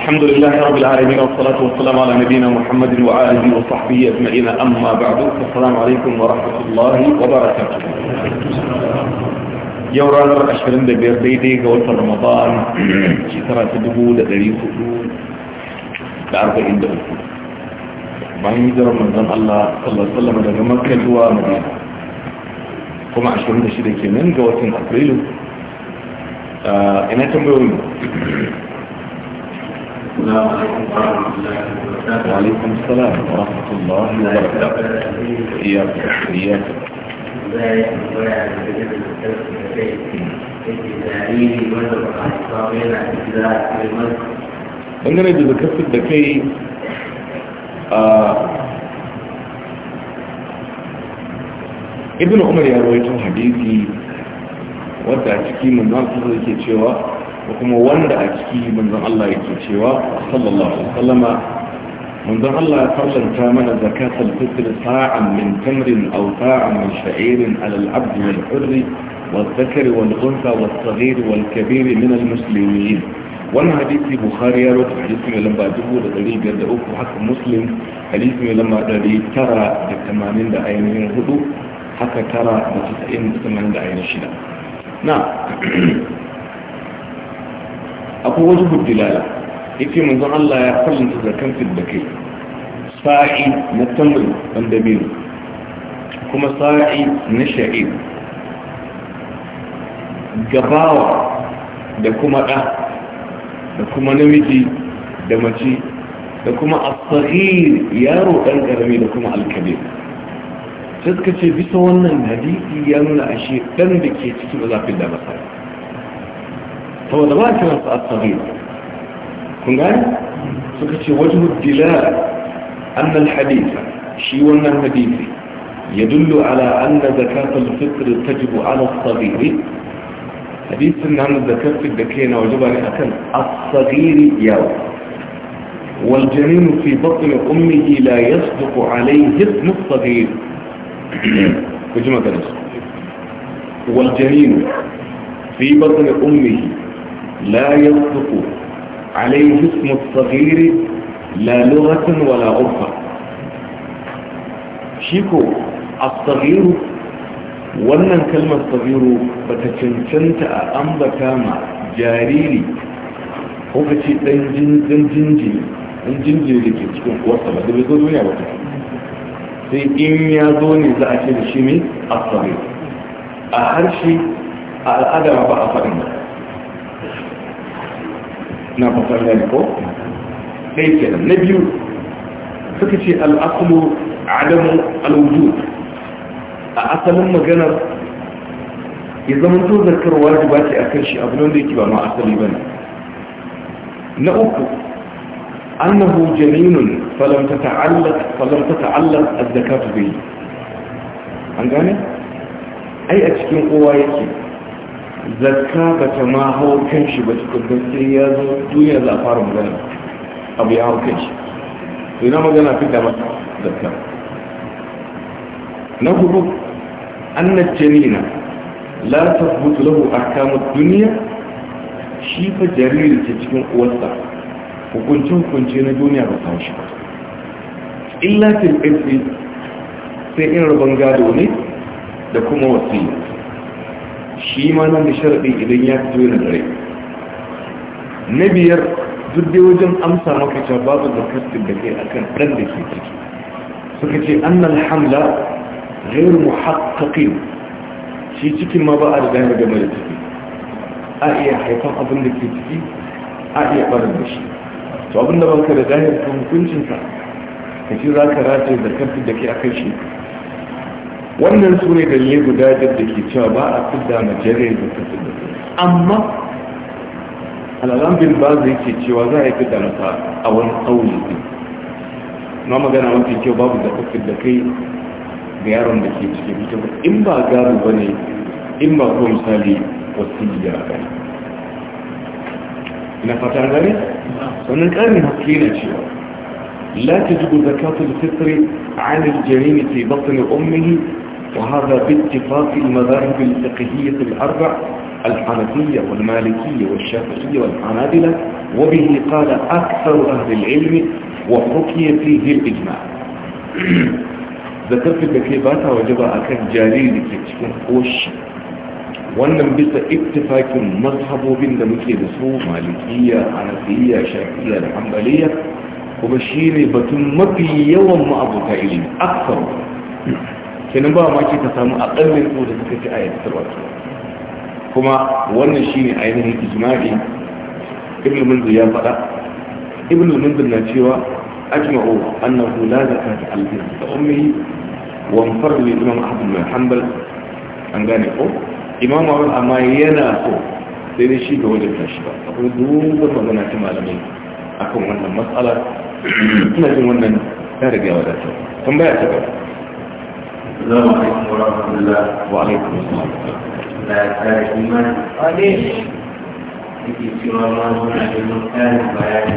الحمد لله رب العالمين والصلاة والسلام على نبينا محمد وعاله وصحبه أجمعين أما بعد السلام عليكم ورحمة الله وبركاته يوران الأشهرين دبير ديدي قولت رمضان شترى تدبو لدري خطو دارك عند أسو بعين يزر رمضان الله صلى الله عليه وسلم لك مكة هو مدينة كما أشهرين دشيدي كنين قولت أبريل آه، إنا تنبيرين السلام عليكم ورحمة الله وبركاته وعليكم السلام ورحمة الله وبركاته يا إياك ذلك ولا يجب dangane da zakafin da kai a ibn umar ya rawaito hadisi wadda da kuma wanda a ciki manzon Allah yake cewa sallallahu alaihi wasallama manzon Allah ya farlanta mana zakatul fitr sa'an min tamrin aw sa'an min sha'irin 'ala al-'abd wal 'urri والذكر والأنثى والصغير والكبير من المسلمين wannan hadisi bukhari ya rubuta hadisi mai lamba 1503 haka muslim hadisi mai lamba 980 da ainihin hudu haka tara da 90 da ainihin shida na akwai wajen hudilala yake manzon Allah ya farlanta zakan da kai sa'i na tamil wanda biyu kuma sa'i na sha'ir gabawa da kuma ɗa da kuma namiji da mace da kuma asahir yaro ɗan ƙarami da kuma alkabir sai suka ce bisa wannan hadisi ya nuna ashe ɗan da ke ciki zafin za da هو ba a kiransa as-sabir وجه الدلاء أن الحديث wajhu الحديث anna يدل على أن زكاة الفطر تجب على الصغير حديث عن زكاة الدكينة وجب على أكل الصغير يو والجنين في بطن أمه لا يصدق عليه اسم الصغير كجمة نفسه والجنين في بطن أمه لا يصدق عليه اسم الصغير لا لغة ولا عرفة شيكو الصغير wannan kalmar sabiru ba ta cancanta a ambata ma jariri ko ka ce ɗan jinjiri da ke cikin kuwarsa ba da bai zo duniya ba sai in ya zo ne za a ce da shi ne a a harshe a al'ada ba a faɗin ba na fatan da ko Sai kenan na biyu suka ce al'akulu adamu al'udu a asalin maganar ya zama to zarkar wajiba ce a kan shi abu nan da yake ba ma asali ba ne na uku annahu janinun falam ta ta'allaq az-zakatu bihi an gane ai a cikin kowa yake zarka ba ta ma hau kan shi ba cikin sai ya zo duniya za a fara magana abu ya hau kan shi to ina magana fi da zarka na hudu annat janina la hutu lahu a kamar duniya, shi fa jariri ce cikin uwarsa hukunci hukunci na duniya ba ta shi ba illa til irsi sai in rabon gado ne da kuma wasiya shi ma nan da sharaɗin idan ya fito yana dare na biyar duk dai wajen amsa maka babu da kastin da kai akan ɗan da ke ciki suka ce annal hamla mu محققين shi cikin ma ba a da ya game da ciki a iya haifan abin da ke ciki a iya barin da shi to abin da banka da zahir da hukuncinka ka ce za ka rataye da karfi da ke a kai shi wannan su ne dalilai guda biyar da ke cewa ba a fidda majaliyar da ta amma al'adam ba zai yake cewa za a yi fidda masa a wani tsawon din na magana mafi kyau babu da ka da kai ga yaron da ke cikin ita in ba gado ba ne in ba ko misali wasiliya ba ne ina fata gane sannan ƙarin haske na cewa la ta jibu zakatul fitri عن الجنين في بطن أمه وهذا باتفاق المذاهب الفقهية الأربع الحنفية والمالكية والشافعية والحنابلة وبه قال أكثر أهل العلم وحكي فيه الإجماع ذكرت لك بكيباتا وجب أكد جاري لكيتكم خوش وانم بس اتفاق مذهب بين دمكي مالكية حنفية شافعية الحنبلية وبشيري بتمتي يوم أبو تعليم أكثر kenan ba ma ta samu a aƙallin ko da suka ci a yadda kuma wannan shine ainihin ijma'i ibn munzir ya faɗa ibn munzir na cewa ajma'u annahu la zakata al-birr da ummihi wa anfar li imam ahmad bin hanbal an gane ko imam ahmad amma yana so sai dai shi ga wajen tashi ba akwai dogon magana ta malamai akan wannan matsalar ina jin wannan ta riga wadatar tambaya ta gaba السلام عليكم ورحمة الله وعليكم السلام ورحمه تارك إيمان قليل في سوى الله من المكان البيان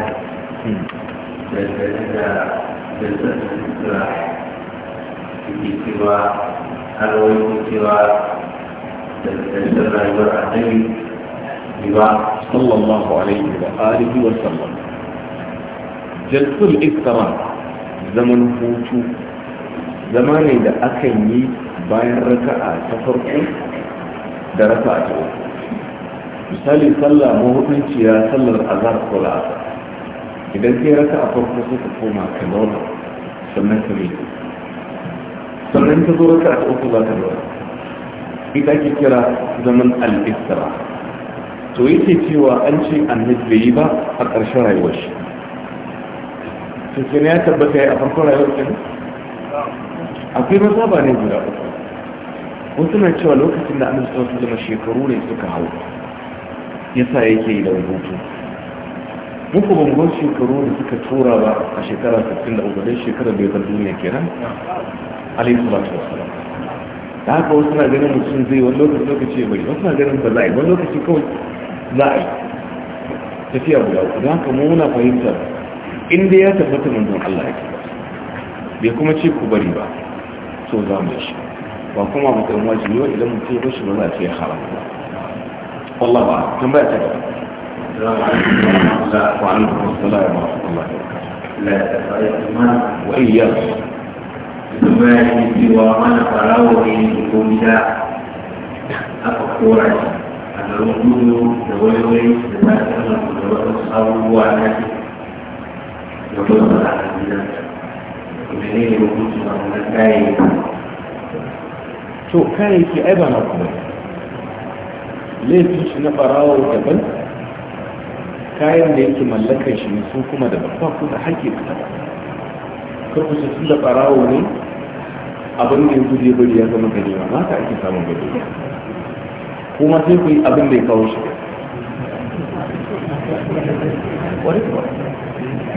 في سوى أروي في سوى صلى الله عليه وآله وسلم جلس الإكرام زمن فوتو zama ne da akan yi bayan raka'a ta farko da raka'a ta uku misali sallah mahukunciya sallar azhar ko la'asar idan sai raka'a farko sai ka koma ka zauna sannan ka mai sannan ka zo raka'a ta uku za ka zauna ita ake kira zaman al-istira to yake cewa an ce annabi bai yi ba a ƙarshen rayuwar shi cikin ya tabbata ya a farkon rayuwar shi akwai ba ne guda uku wasu na cewa lokacin da annabi sallallahu alaihi wasallam shekaru ne suka hau yasa yake yi da rubutu muku bangon shekaru da suka tura ba a shekara 63 don shekarar da ya zan duniya kenan alaihi salatu wasallam da haka wasu na ganin mutum zai wani lokaci lokaci bari, wasu na ganin ba za a yi wani lokaci kawai za a yi tafiya guda uku da haka mu muna fahimta inda ya tabbata manzon Allah ya ke. bai kuma ce ku bari ba so za mu shi ba kuma mu kan wajibi ba idan mutum ya shi ba za a ce haram wallah ba tambaya ta gaba وعليكم السلام ورحمة الله وبركاته. وإياكم. تباهي سوى من فراوه بكلها أفكورا أن الوجود دويوي لذلك أن الوجود أصحابه وعنده يقول الله عز وجل to kayayyaki ai ba na kuma laifin shi na barawo daban kayan da yake mallakar shi su kuma da babba ku da haƙƙi ba karku su tun da barawo ne abin da ya guje bari ya zama gari ba mata ake samun gari kuma sai ku yi abin da ya kawo shi wani kuwa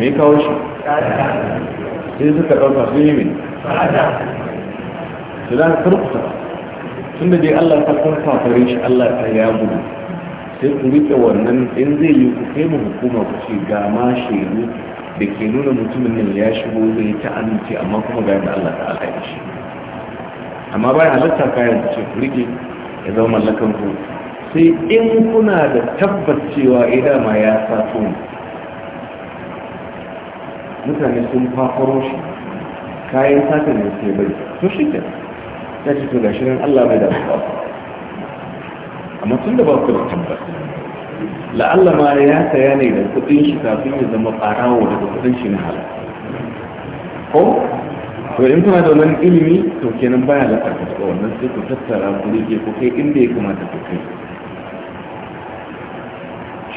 me kawo shi sai suka ɗauka sun yi mai su za ka karkuta tun da dai allah ta karfa fare shi allah ta ya gudu sai ku riƙe wannan in zai yi ku kai mu hukuma ku ce ga ma shaidu da ke nuna mutumin nan ya shigo zai ta amince amma kuma ga yadda allah ta alhaji shi amma bayan halatta kayan ku ce ku riƙe ya zama mallakan ku sai in kuna da tabbacewa ida eh, ma ya sa tuni mutane sun fafaro shi kayan satin da ke bai to shi ke ta ce to gashi nan Allah bai da su ba amma tun da ba ku da tabbas la'alla ma ya saya ne da kudin shi kafin ya zama barawo daga kudin shi na hala. ko to in kuna da wannan ilimi to kenan baya da karkata wannan sai ku tattara ku rike ku kai inda ya kamata ku kai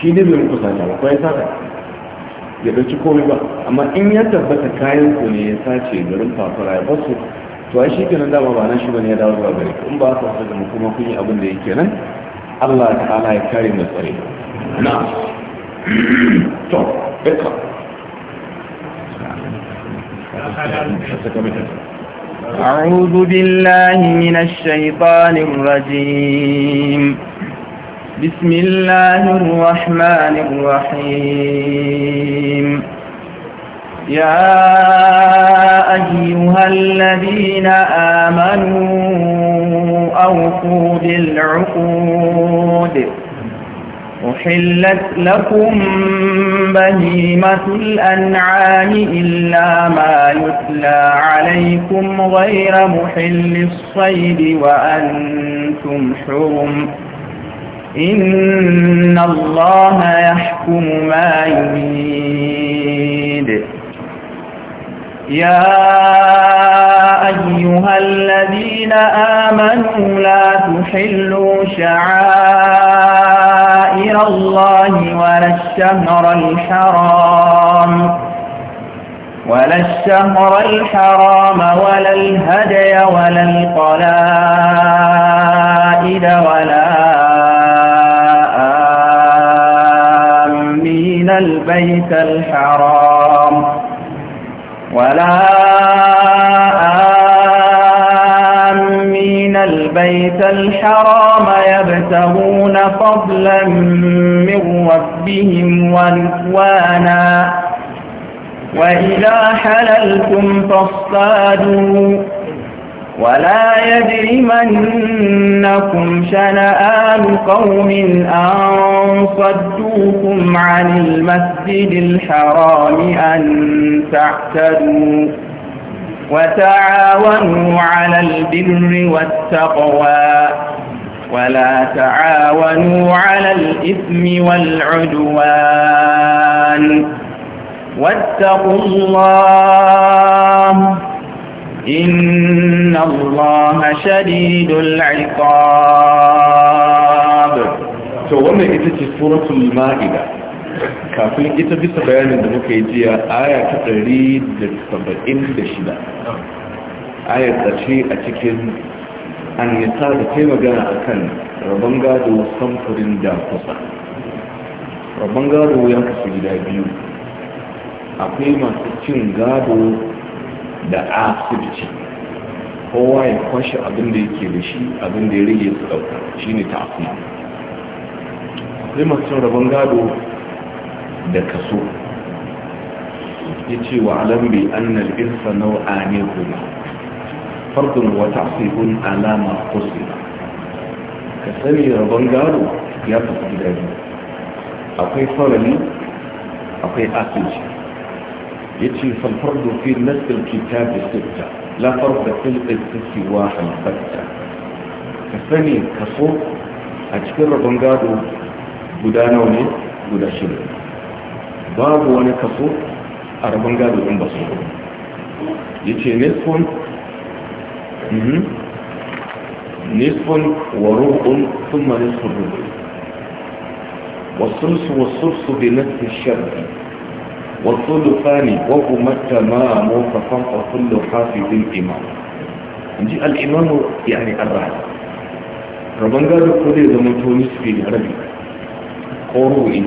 shi ne bai kusa sata ba ko ya sata ya ɗauki komai ba amma in ya tabbata kayan ku ne ya sace garin fafara ya basu to ai shi kenan dama ba nan shi ne ya dawo zuwa gari in ba ka fasa da kuma kun yi abin da yake nan Allah ta'ala ya kare mu tsare na to ɗauka أعوذ بالله من الشيطان الرجيم بسم الله الرحمن الرحيم يا أيها الذين آمنوا أوفوا بالعقود أحلت لكم بهيمة الأنعام إلا ما يتلى عليكم غير محل الصيد وأنتم حرم إن الله يحكم ما يريد يا أيها الذين آمنوا لا تحلوا شعائر الله ولا الشهر الحرام ولا الشهر الحرام ولا الهدي ولا القلال الحرام ولا آمين البيت الحرام يبتغون فضلا من ربهم ونفوانا وإذا حللتم فاصطادوا ولا يجرمنكم شنآن قوم أن صدوكم عن المسجد الحرام أن تعتدوا وتعاونوا على البر والتقوى ولا تعاونوا على الإثم والعدوان واتقوا الله إن الله شديد العقاب to wannan ita ce suratul ma'ida kafin ita bisa bayanin da muka yi jiya aya ta 176 ayar ƙarshe a cikin an yasa da ke magana akan rabon gado samfurin da kusa rabon gado ya kasu gida biyu akwai masu cin gado da asibiti kowa ya kwashe abin da yake da shi abin da ya rage su ɗauka shi ne tafi akwai masu rabon gado da kaso ya ce wa alambi annal irsa nau'a ne kuma fardun wata asibin alama ko kusa ka sani rabon gado ya tafi gida akwai farali akwai asibiti yace farfardu fi nasl kitab sitta la farq fi al-qisti wa al-fatta kasani kaso a cikin rabon gado guda nawa ne guda shida babu wani kaso a rabon gado din baso yace nisfun mhm nisfun wa rubun thumma nisfun rubu wasulsu wasulsu bi nasl والثلثان وهما التمام ففوق كل حافظ إمام نجي الإمام يعني الرحل rabon gado ko zai zama to nisfi da rabi ko rubu'i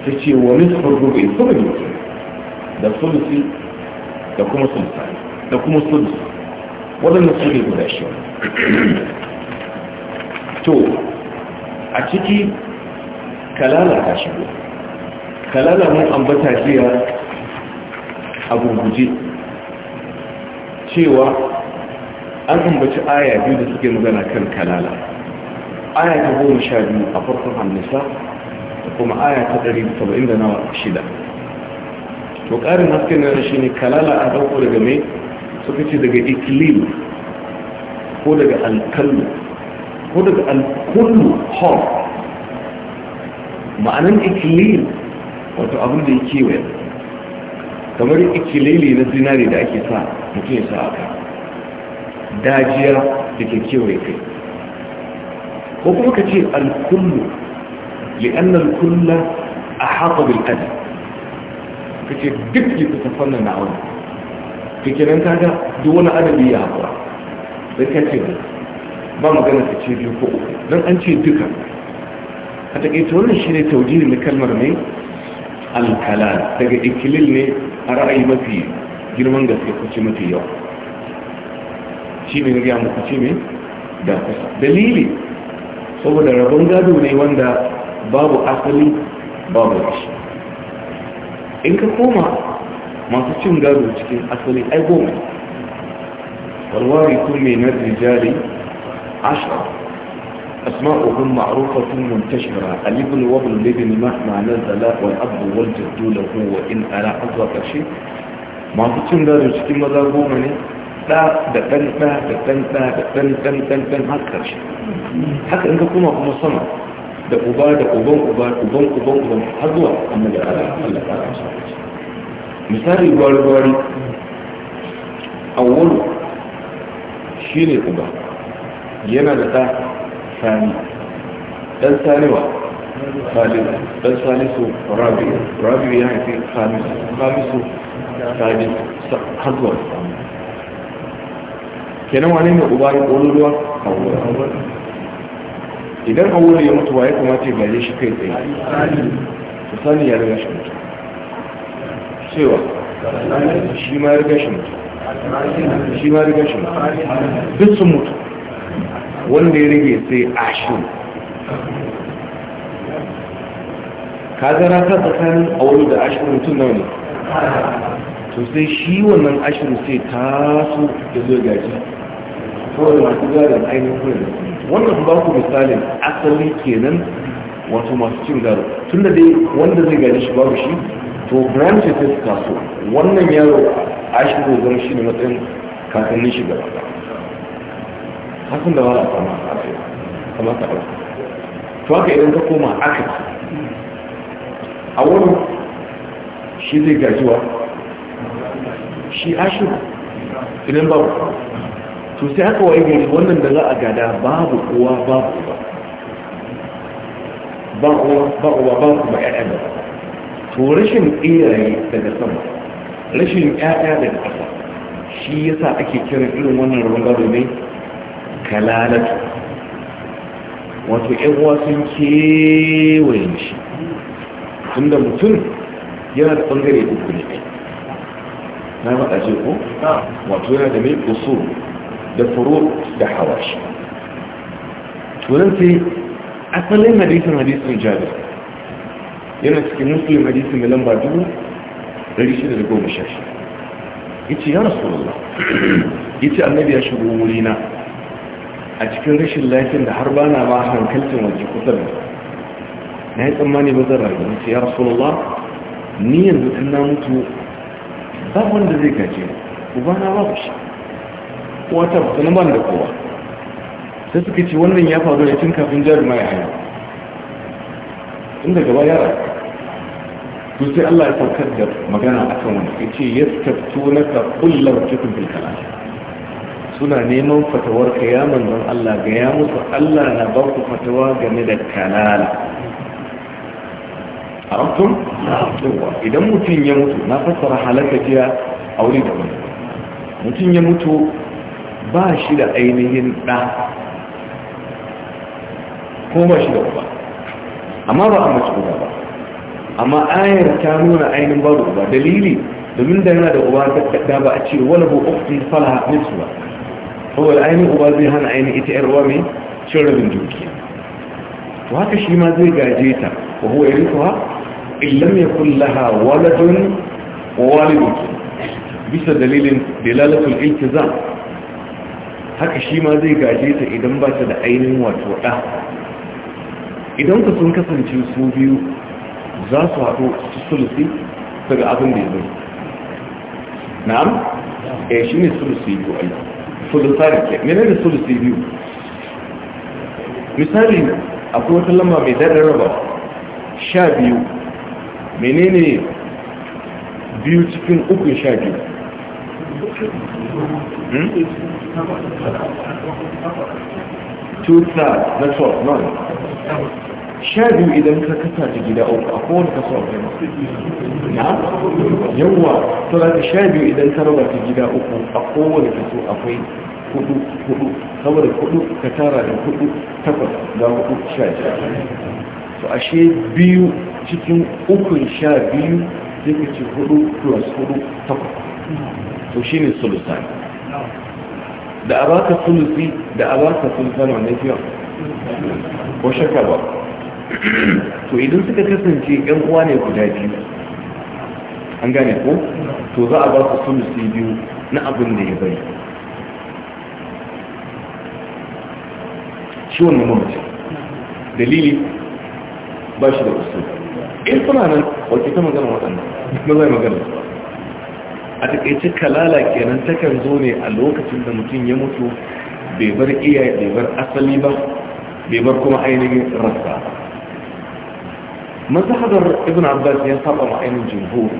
ta ce wa nisfin rubu'i kuma ne da sulusi da kuma sulusa da kuma sulusi waɗanda su ne guda shi to a ciki kalala ta shigo kalala mun ambata jiya a gurguje cewa an ambaci aya biyu da suke magana kan kalala aya ta goma sha biyu a farkon hannisa da kuma aya ta ɗari saba'in da nawa shida to ƙarin hasken na shi ne kalala a ɗauko daga mai suka ce daga iklim ko daga alkallu ko daga alkullu hall ma'anin iklim wato abin da ya kewaye kamar ikilele na zinari da ake sa mutum ya sa aka dajiya da ke kewaye kai ko kuma ka ce alkullu li'an alkulla a haƙa bil'ad ka ce duk yi kusa fannin na wani nan kaga duk wani adabi ya haka zai ka ce ba magana ka ce biyu ko uku don an ce duka a taƙaita wannan shi ne taujiri na kalmar ne alkalan daga ikilil ne a ra'ayi mafi girman gaske kuce mafi yau. shi ne ya muku ce ne da kusa dalili saboda rabon gado ne wanda babu asali babu rashi in ka koma masu cin gado cikin asali ai goma walwari kun mai na rijali ashirar أسماؤهم معروفة منتشرة الابن وابن الابن مهما نزل والأب والجد له وإن أنا أصدق شيء ما تكون لا رزق ماذا قومني لا دفن لا دفن لا دفن دفن دفن هكذا شيء حتى أنت كما هم صنع دقوبا دقوبا دقوبا دقوبا دقوبا دقوبا uban اما جاء الله amma da ala Allah ta rasa misali gwari gwari awwalu shine uba yana da sani dan saniwa salisu dan ya haifi salisu salisu salisu hazuwa kenan wane ne uba ya ƙolo ruwa idan awuwa ya mutuwa ya kamata ya gaje shi kai tsaye su sani ya riga shi mutu cewa shi ma ya riga shi mutu shi ma mutu duk sun mutu wanda ya rage sai ashur Ka na ta tsakanin aure da ashir mutum nawa ne to sai shi wannan ashir sai taso ya zo gaji kawai masu gadon ainihin kuri wannan ba ku misalin asali kenan wato masu cin gado tun da dai wanda zai gaji shi babu shi to branches sai su taso wannan yaro ashir zama shi ne matsayin kakannin shi gaba hakan da ba wala kama kama ka ɗauka to haka idan ka koma aka a wani shi zai gajiwa shi ashiru idan babu to sai haka waye gari wannan da za a gada babu uwa babu uba ba uwa ba uwa ba kuma ƴaƴa da to rashin iyaye daga sama rashin 'ya'ya daga ƙasa shi yasa ake kiran irin wannan ruwan gado ne kalalatu wato uwa sun kewaye shi tun da mutum yana da ɓangare uku ne na yi ce ko? Ah. wato yana da mai ƙusu da furo da shi. tunan sai asalin hadisun hadisun jabir yana cikin musulun hadisun milan lamba dubu goma ya ce ya rasu Allah ya ce annabi ya shigo wurina a cikin rashin lafiyar da har bana ba hankalcin waje kusa da na yi tsammani ba zan rayu ce ya Allah ni yanzu kan na mutu ba wanda zai gaje uba na babu shi Wata ba sanan ban da kowa sai suka ce wannan ya faru ne tun kafin jarumai a yau Inda gaba ya rayu to sai Allah ya saukar da magana a kan wani ya ce yastaftu ka kullar cikin bilkala suna neman fatawar ka don Allah ga ya musu Allah na ba ku fatawa game da kalala a rantun? idan mutum ya mutu na fassara halaka jiya a wuri da wani mutum ya mutu ba shi da ainihin ɗa ko ba shi da uba amma ba a mace uba ba amma ayar ta nuna ainihin babu uba dalili domin da yana da uba ta ba a ce wani bu uktun falaha nisu ba saboda ainihin uba zai hana ainihin ita yar uwa mai cin rabin duki to haka shi ma zai gaje ta wa huwa yarithuha illam yakul laha waladun wa walidun bisa dalilin dalalatul iltizam haka shi ma zai gaje ta idan ba ta da ainihin wato ɗa idan ka sun kasance su biyu za su haɗu su sulusi daga abin da ya zai na'am ya eh, shi ne sulusi ko aiki sulusari ke mene ne sulusi biyu misali akwai wata lamba mai daɗin raba sha biyu mene ne biyu cikin ukun sha biyu tuta na 12 no sha biyu idan ka kasa ta gida uku a kowane kaso a kai na yawa to za ka sha biyu idan ka raba ta gida uku a kowane kaso akwai hudu hudu saboda hudu ka tara da hudu takwas ga hudu sha to ashe biyu cikin ukun sha biyu zai ka ce hudu plus hudu takwas to shi ne sulusani da a baka sulusi da a baka sulusani wannan fiye ko shakka ba to idan suka kasance yan uwa ne guda biyu an gane ko to za a ba su su biyu na abin da ya bari shi wannan mamacin dalili ba shi da usul in suna nan wakil ta magana waɗanda ba zai magana a takaice kalala kenan takan zo ne a lokacin da mutum ya mutu bai bar iya bai bar asali ba bai bar kuma ainihin rasa ba mazhabar ibn abbas ya saba wa ainihin jumhur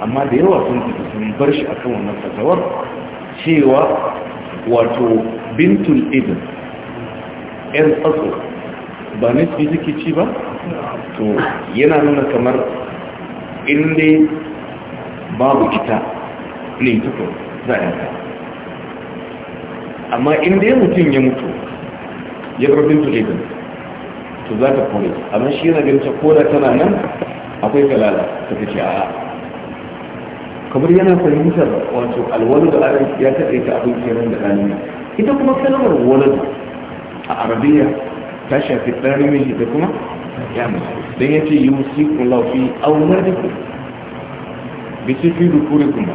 amma da yawa sun tafi sun bar shi akan wannan fatawar cewa wato bintul ibn yan tsatso ba na suke ci ba to yana nuna kamar inda babu kita ne tukur za a yanka amma inda ya mutum ya mutu ya bar bintul ibn to za ta kore amma shi yana ganin ta koda tana nan akwai kalala ta kace a kamar yana fahimtar wato alwalu da arab ya kace ta abin kiran da dani ita kuma kalmar walad a arabiya ta shafi ɗan namiji da kuma ya mace don yace yusikum law fi awladikum bi ce fi dukurikum ba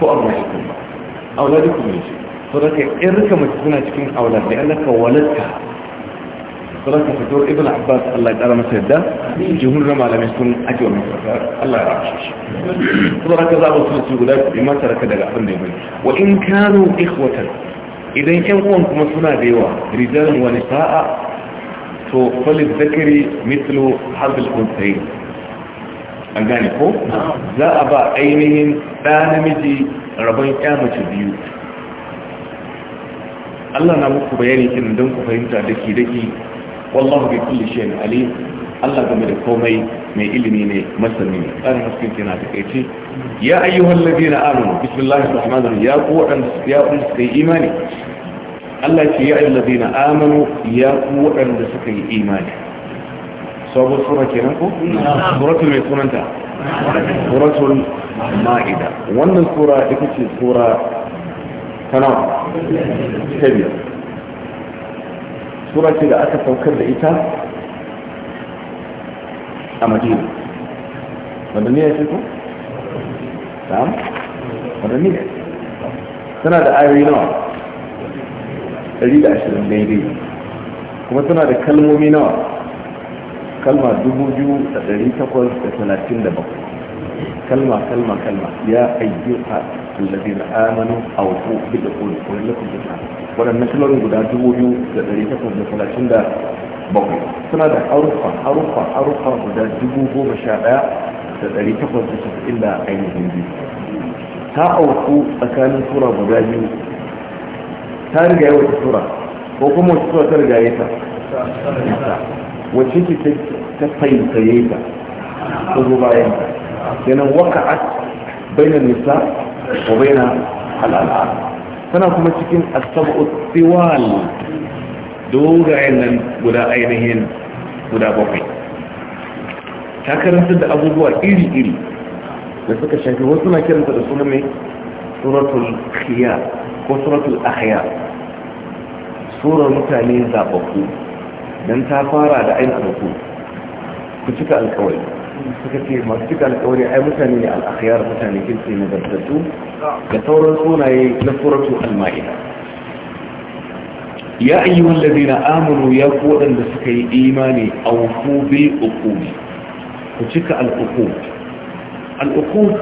ko arwahikum ba awladikum ne ce to da kai irka mace suna cikin aulad da Allah ka waladka sarrafa fito ibn abbas allah ya tsara masa yadda jihunar malamai sun ake wani allah ya rashe shi kuma raka zaɓa su su guda kuɗi mata raka daga abin da ya bari wa in kano ikhwatan idan yan uwan kuma suna da yawa rijalin wani sa'a to falis zakari mitlu hadil kunsayi an gane ko za a ba ainihin ɗa namiji rabon ya mace biyu Allah na muku bayani kin don ku fahimta daki daki wallahu bi kulli shay'in alim Allah game da komai mai ilimi ne masani ne tsarin hasken kina da kaice ya ayyuhal ladina amanu bismillahir rahmanir rahim ya ku wadanda ya ku suka yi imani Allah ce ya ayyuhal ladina amanu ya ku wadanda suka yi imani sabo sura kenan ko suratul mai sunanta suratul ma'ida wannan sura ita ce sura tana ta biyar sura ce da aka saukar da ita a madina wanda ne ya ce ko? Sam? wanda ne tana da ayoyi nawa 120 daidai kuma tana da kalmomi nawa kalma 2837 kalma kalma kalma ya ayyuka الذين آمنوا أو بدخول كلكم جميعا ولن نكلل قد أجوهوا لذريتكم بثلاثين ده بقي سنة ده أرفع أرفع أرفع قد أجوهوا مشاعر لذريتكم بسف إلا عين هندي تا أوقو أكان سورة قد أجو وبين الألعاب فنا كما تكين السبع الثوال دوغا عينن ولا عينهن ولا بقي تاكرن سد أبو بوا إلي إلي لسك الشاكي وصلنا كرن سد سنة سورة الخيار وسورة الأخيار سورة متعلين ذا dan لن fara دعين أبو ku ku cika فكثير ما تبقى لكوري اي مثاني الاخيار مثاني كنتي مدرسو لتورا تكون اي لفورة المائنة يا ايها الذين امنوا يا قوة لسكي ايماني اوفو بالاقوم فتبقى الاقوم الاقوم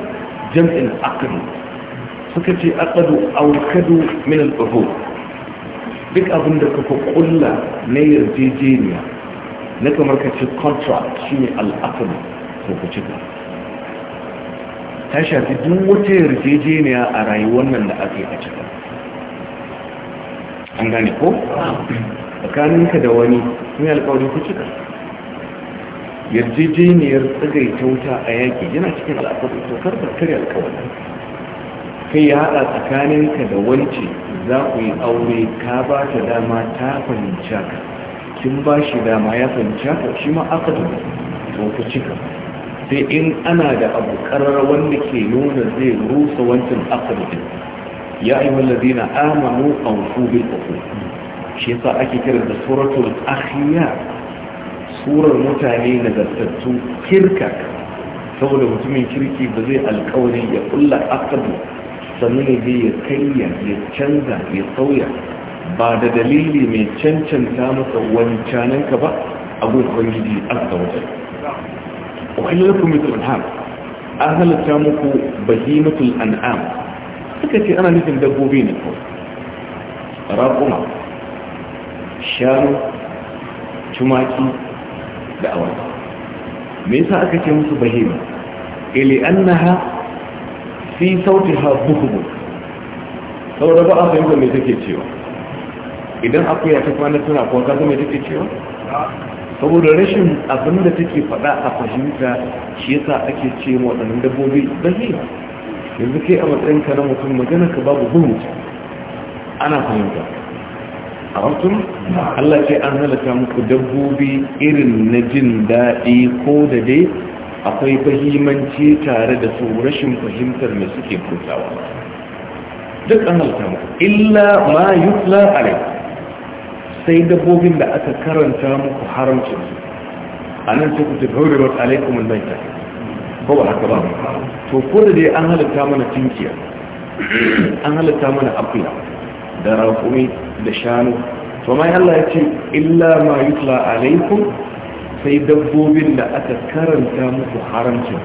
جمع الاقل فكثير اقل اوكد من الاقوم بك اظن دكك قل نير جيجينيا نكمل كتير كونترات شيني الاقل ko ku cika ta shafi duk wata yarjejeniya a rayuwar nan da aka yi a cika an gane ko tsakaninka da wani sun yi alkawarin ku cika yarjejeniyar tsagai ta wuta a yaƙi yana cikin al'akwarin tokar da karya alkawari kai ya haɗa tsakaninka da wance za ku yi aure ka ba ta dama ta fahimci ka kin ba shi dama ya fahimci ka shi ma aka to ku cika sai in ana da abu karar wanda ke nuna zai rusa wancan akadin ya yi wallazi na amanu a hukubin uku shi yasa ake kira da suratul akhiya surar mutane nagartattu kirka saboda mutumin kirki ba zai alkawari ya kulla akadu sannan ya je ya kayya ya canza ya sauya ba da dalili mai cancanta masa wancananka ba a gidi, ubangiji azza uhillalakum mithlu al-ham an halatta muku bahimatul an'am suka ce ana nufin dabbobi ne kawai raƙuma shanu tumaki da awaki me yasa aka ce musu bahima ili annaha fi sautiha buhum saboda ba a fahimta me take cewa idan akuya ta kwana tana kwanka me take cewa saboda rashin abin da take faɗa a fahimta shi yasa ake ce waɗannan dabbobi dahi yanzu kai a matsayin ka na mutum magana ka babu gurutu ana fahimta a mutum Allah ce an halatta muku dabbobi irin na jin daɗi ko da dai akwai fahimanci tare da su rashin fahimtar mai suke kuntawa duk an halatta muku illa ma yutla alaikum sai dabbobin da aka karanta muku haramcin su a nan sai ku ce hurribat alaikum almaita ko ba haka ba to ko dai an halatta mana tinkiya an halatta mana akuya da raƙumi da shanu to mai Allah ya ce illa ma yutla alaikum sai dabbobin da aka karanta muku haramcin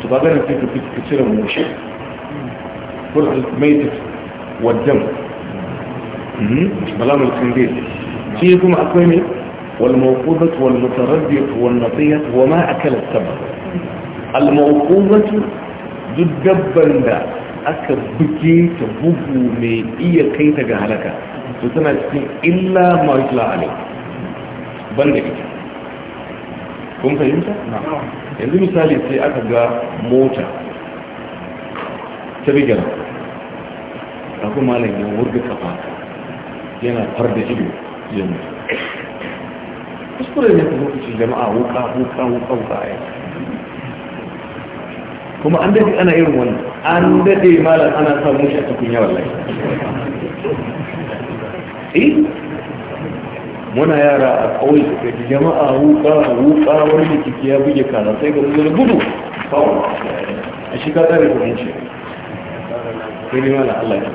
su ba ganin sai ku fi cire mushi kur'al maitat wa dam hmm? balamul kandil shi kuma akwai ne والموقوفة والمتردية والنطية وما أكل السبب الموقوفة دبا دا aka buge ta bugu mai iya kai ta ga halaka to tana cikin illa ma'aikula alai ban da ita kun fahimta? yanzu misali sai aka ga mota ta bigar akwai malam ya wurga kafa yana far da ido yanzu kuskure ne ka lokaci jama'a wuka wuka wuka wuka ya kuma an daɗe ana irin wani an daɗe malar ana samun shi a cikin yawan lai eh muna yara a kawai da ji jama'a wuka wuka wani da kiki ya buge kana sai ga wani gudu kawo a shi ka tsare kudin shi sai ne mana Allah ya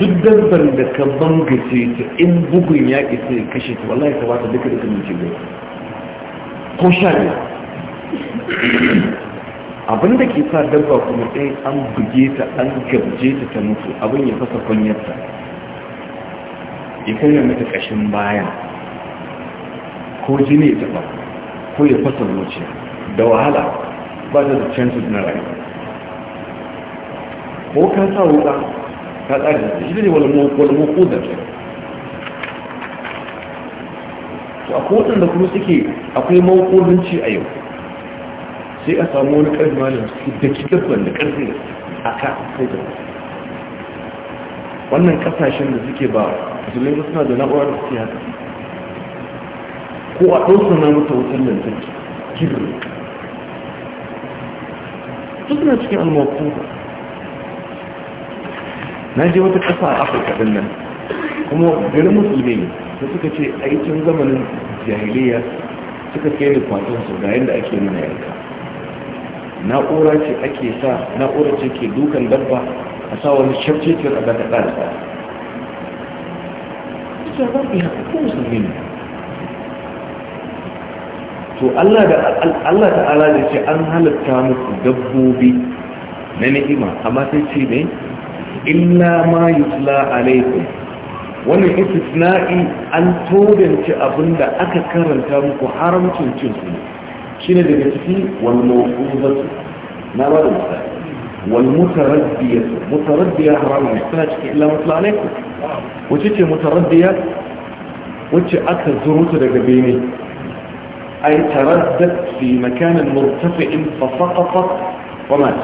duk dabban da ka bangace ta in bugun ya sai kashe ta wallahi ta bata duka duka mace bai ko sha ne abin da ke sa dabba kuma ɗaya an buge ta an gabje ta ta mutu abin ya fasa kwanyarta ya kanya mata ƙashin baya ko jini ya taɓa ko ya fasa mace da wahala ba ta da chances na rayuwa ko ka sa wuka ka tsari shi ne walmoko da shi to a kowatan da kuma suke akwai mawakolinci a yau sai a samu wani ƙarfi malam suke da kidabban da ƙarfi a ka sai da wannan ƙasashen da suke ba musulmai suna da na'urar da suke haka ko a ɗausa na mata wutar lantarki gidan su suna cikin almawakon na je wata ƙasa a afirka ɗin nan kuma garin musulmi ne da suka ce aikin zamanin jahiliya suka kai ni kwatan su ga yadda ake nuna yanka na'ura ce ake sa na'ura ce ke dukan dabba a sa wani shafciciyar a daga ɗan sa ita ba ku ko musulmi ne to Allah ta'ala da ce an halatta muku dabbobi na ni'ima amma sai ce ne illa ma yusla alaikum wannan istisna'i an todance abinda aka karanta muku haramcin cin su shine daga ciki wal mawquzatu na ba da misali wal mutaraddiyatu mutaraddiya haramun tana cikin illa ma yusla alaikum wace ce mutaraddiya wacce aka zuruta daga bene ay taraddat fi makanin murtafi'in fa saqatat wa mat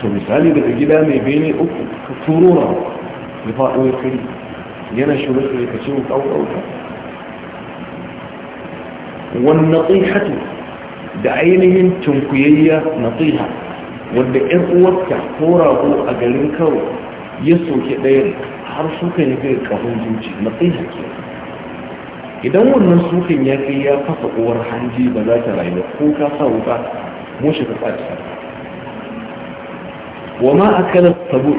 to misali daga gida mai bene uku ka turo na da faɗo ya kari yana shiga su ka ce ƙauƙauta wani natsihatu da ainihin tunkuyayya natsiha wadda ƴan uwarka ko rago a garin karo ya soke ɗayan har suka yi kai ƙahon zuci natsiha ke idan wannan sukan ya kai ya fasa uwar hanji ba za ta rayu ko ka sa wuka mu shi ka tsaki wa ma akalar sabu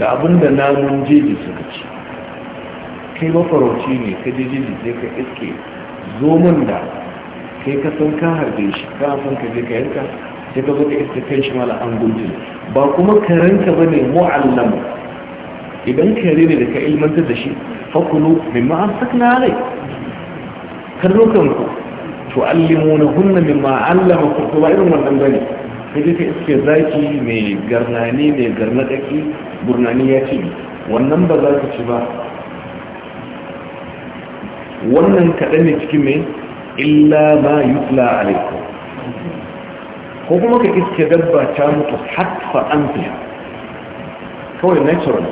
da abinda namun jeji suka ci kai mafarauci ne ka je jeji sai ka iske zoman da kai ka san ka harbe shi ka san ka je ka yanka sai ka zo ka iske kan shi mala an gunjin ba kuma karanka ba ne mu'allam idan kare ne da ka ilmantar da shi fakulu mimma an sakna alai karnukan ku tu'allimuna hunna mimma allama ku ba irin wannan bane sai ta iske zaki mai garnani mai garnadaki burnani ya ce wannan ba za ka ci ba wannan kaɗan ne cikin mai illa ma yutla alaikum ko kuma ka iske dabba ta mutu hatfa an fiya kawai natural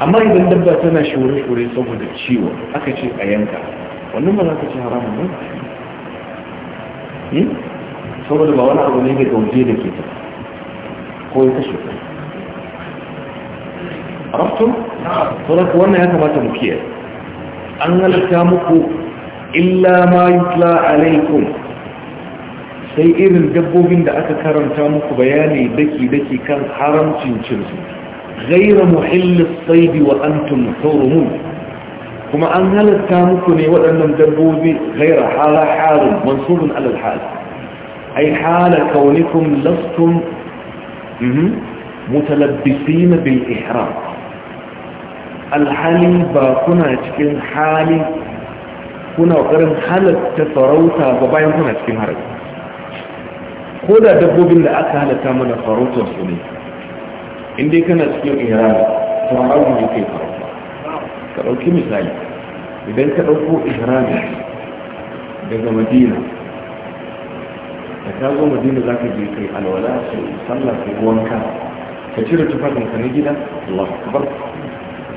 amma idan dabba tana shure-shure saboda ciwo aka ce a yanka wannan ba za ka ci haramun ba hmm? saboda ba wani abu ne mai gauje da ke ko ya kashe ku raftun? saboda wannan ya kamata mu kiyar an halatta muku illa ma yutla alaikum sai irin dabbobin da aka karanta muku bayani daki-daki kan haramcin cinsu gaira muhillis saidi wa antum saurumun kuma an halatta muku ne waɗannan dabbobi gaira hala harin mansubin alal أي حال كونكم لستم متلبسين بالإحرام الحالي باكنا تكين حالي كنا وقرم حالك تفروتا وباين كنا تكين حالك خدا دبو بنا أكهل كامل فروتا سني عندي كنا تكين إحرام فرعوه يكي فروتا كروكي مثالي إذن كروكو إحرامي دقا مدينة da ka zo madina za ka je kai alwala su sallah kai wanka ka cire tufafin ka na gida Allah akbar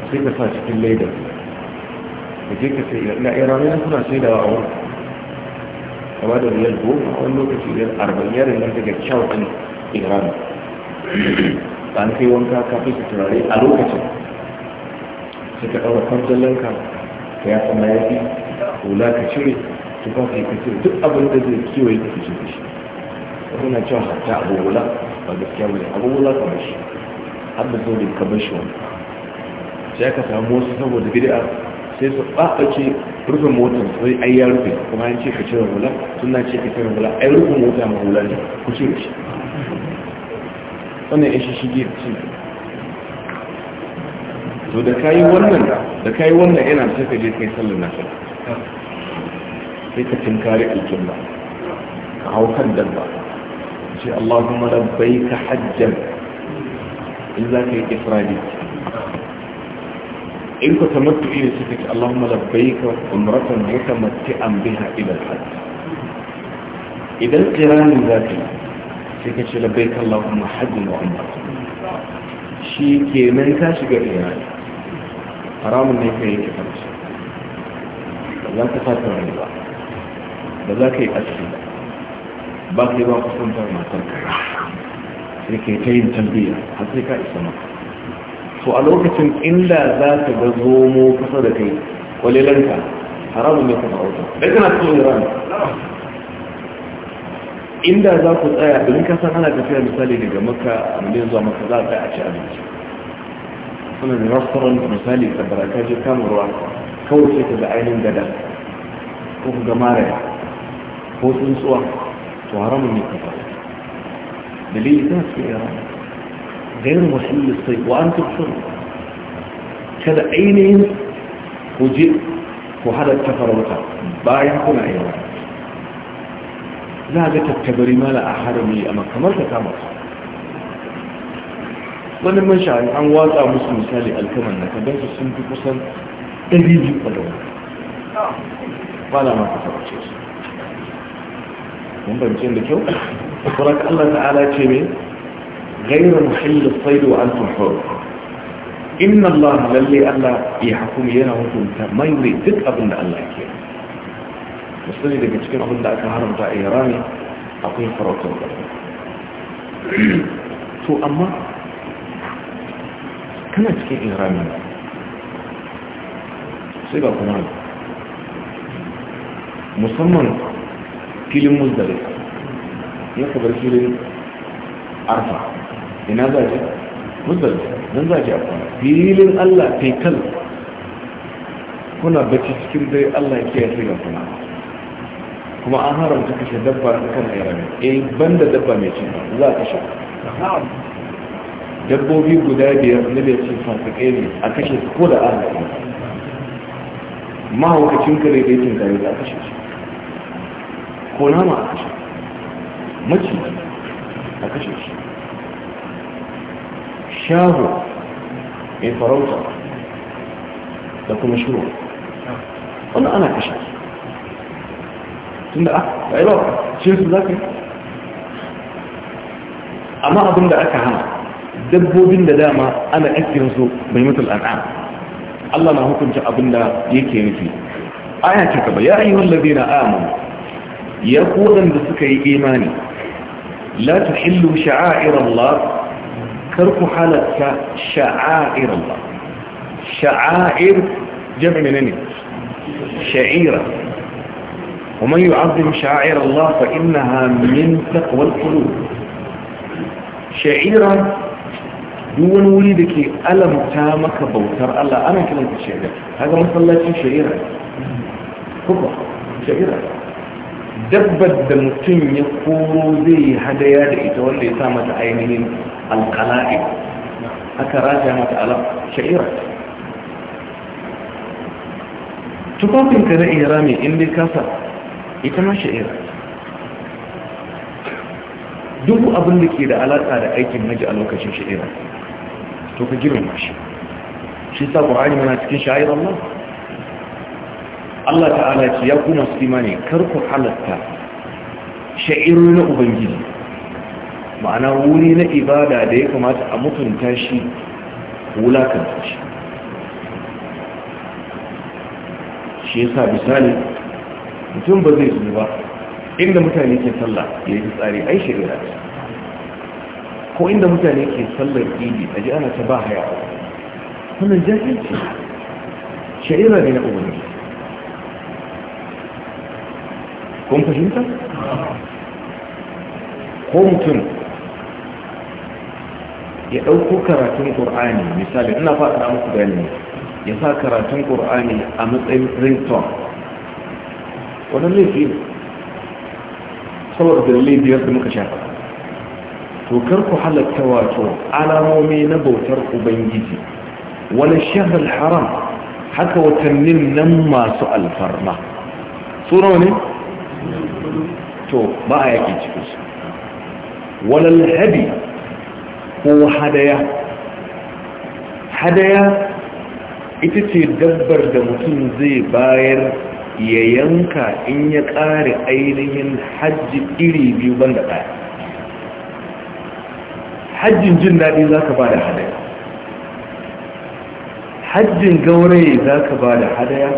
sai ka sa cikin leda ka je ka sai na irami na kuna sai da a wani kama da riyal goma wani lokaci riyar arba'in yare nan daga kyau ɗin irami an kai wanka kafin su turare a lokacin sai ka ɗaura kamsallanka ka ya sama ya fi hula ka cire tufafi ka cire duk abin da zai kiwaye ka fi shi suna cewa hatta abubuwa ba gaskiya ba ne abubuwa ka bashi har da saurin ka bashi wani sai aka samu wasu saboda gida sai su ɓaɓace rufin mota sai ai ya rufe kuma an ce ka cire hula suna ce ka cire hula ai rufin mota ma hula ne ku ce shi wannan ya shi shige ce to da kayi wannan da kayi wannan yana sai ka je kai sallar nasa sai ka tinkari alkin ba ka hau kan dabba شيء اللهم لبيك حجا إلا في إفرادي إنك تمت إلى سفك اللهم لبيك أمرة متمتعا بها إلى الحج إذا القران ذاتي سيكا لبيك اللهم حج وعمرة شيء كي من كاش قرية حرام أن يكون هيك فرصة لا تفاتر عن الله بذلك أسفل ba yi ba kusantar matar ka sai yi ta yin tambiya har sai ka isa maka to a lokacin inda za ka ga zomo kasa da kai kwalilanka haramun ne kuma auta da kana cikin iran inda za ku tsaya domin kasan ana tafiya misali daga maka a miliyan zuwa maka za a tsaya a ci abinci suna da rastoran misali sabara ka je kamarwa kawai sai ka ga ainihin gada ko ku ga maraya ko tsuntsuwa تهرم من كفر بليه ذات في إيران غير محل الصيب وأنت بشر كذا أينين وجئ وحدا كفر وقع باعي هكونا إيران لا ذات الكبري ما لا أحرمي أما كمرت كامرت وانا من شاء عن واضع مسلم سالي الكمنة كبنت السنة قصا تجيب القدوم ولا ما تفرق شيء mun bancin da kyau ka Allah ta'ala ce ne ghayra muhall as-sayd wa antum hur inna Allah lalle Allah ya hukum yana hukunta mai duk abin da Allah ke musulmi daga cikin abin da aka haramta a Iran akwai farautar da to amma kana cikin ba sai ba kuma musamman filin muzdari ya ka bar filin arfa ina za je muzdalifa nan za a kwana filin allah kai kan kuna bacci cikin dare allah ke ya tsira kuna kuma an haramta kashe dabba a kan ayyarami eh banda dabba mai cin za a kashe dabbobi guda biyar na da ce fasikai ne a kashe ko da mahaukacin kare da yake tun kare da a kashe shi ko nama a kashe mace a kashe shi shago mai farauta da kuma shiro wanda ana kashe tun da a ah, ɗaya ba cinsu za ka yi amma abin da aka hana dabbobin da dama ana su bai mutul an'am Allah na hukunta abin da yake nufi aya ce gaba ya ayyuhal ladina amanu ya kodan da suka yi imani la tuhillu sha'air Allah kar ku halatta sha'air Allah sha'air jami'in ne sha'ira ومن يعظم شعائر الله فإنها من تقوى القلوب شعيرا دون وليدك ألم تامك بوتر الله أنا كلمة شعيرا هذا مثلا شعيرا كبرى شعيرا dabbar da mutum ya koro zai yi hadaya da ita wanda ya sa mata ainihin alkala'i aka raja mata alam sha'ira tufafinka na ira mai inda kasa ita ma sha'ira duk abin da ke da alaƙa da aikin maji a lokacin sha'ira to ka girma shi shi sa ƙwa'ani mana cikin sha'ir Allah Allah ta'ala ce ya kuma su ne, kar ku halatta sha'iru na ubangiji ma'ana wuri na ibada da ya kamata a mutunta shi wulakanta shi shi yasa misali mutum ba zai zuba inda mutane ke sallah ya yi tsari ai shari'a ko inda mutane ke sallar idi a ji ana ta ba haya wannan jahilci shari'a ne na ubangiji kun fahimta ko mutum ya ɗauko karatun ƙur'ani misali ina faɗa muku gani ya sa karatun ƙur'ani a matsayin rington wannan laifi saboda dalilai biyar da muka shafa to kar ku halatta wato alamomi na bautar ubangiji wani shahar haram haka watannin nan masu alfarma su ne to ba a cikin su walal hadi ko hadaya hadaya ita ce dabbar da mutum zai bayar ya yanka in ya kare ainihin hajji iri biyu banda ɗaya hajjin jin daɗi za ka ba da hadaya hajjin gauraye za ka ba da hadaya